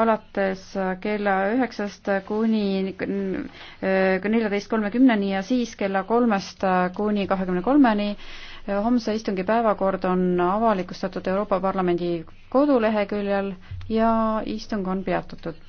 alates kella üheksast kuni äh, neljateist kolmekümneni ja siis kella kolmest kuni kahekümne kolmeni. homse istungi päevakord on avalikustatud Euroopa Parlamendi koduleheküljel ja istung on peatatud.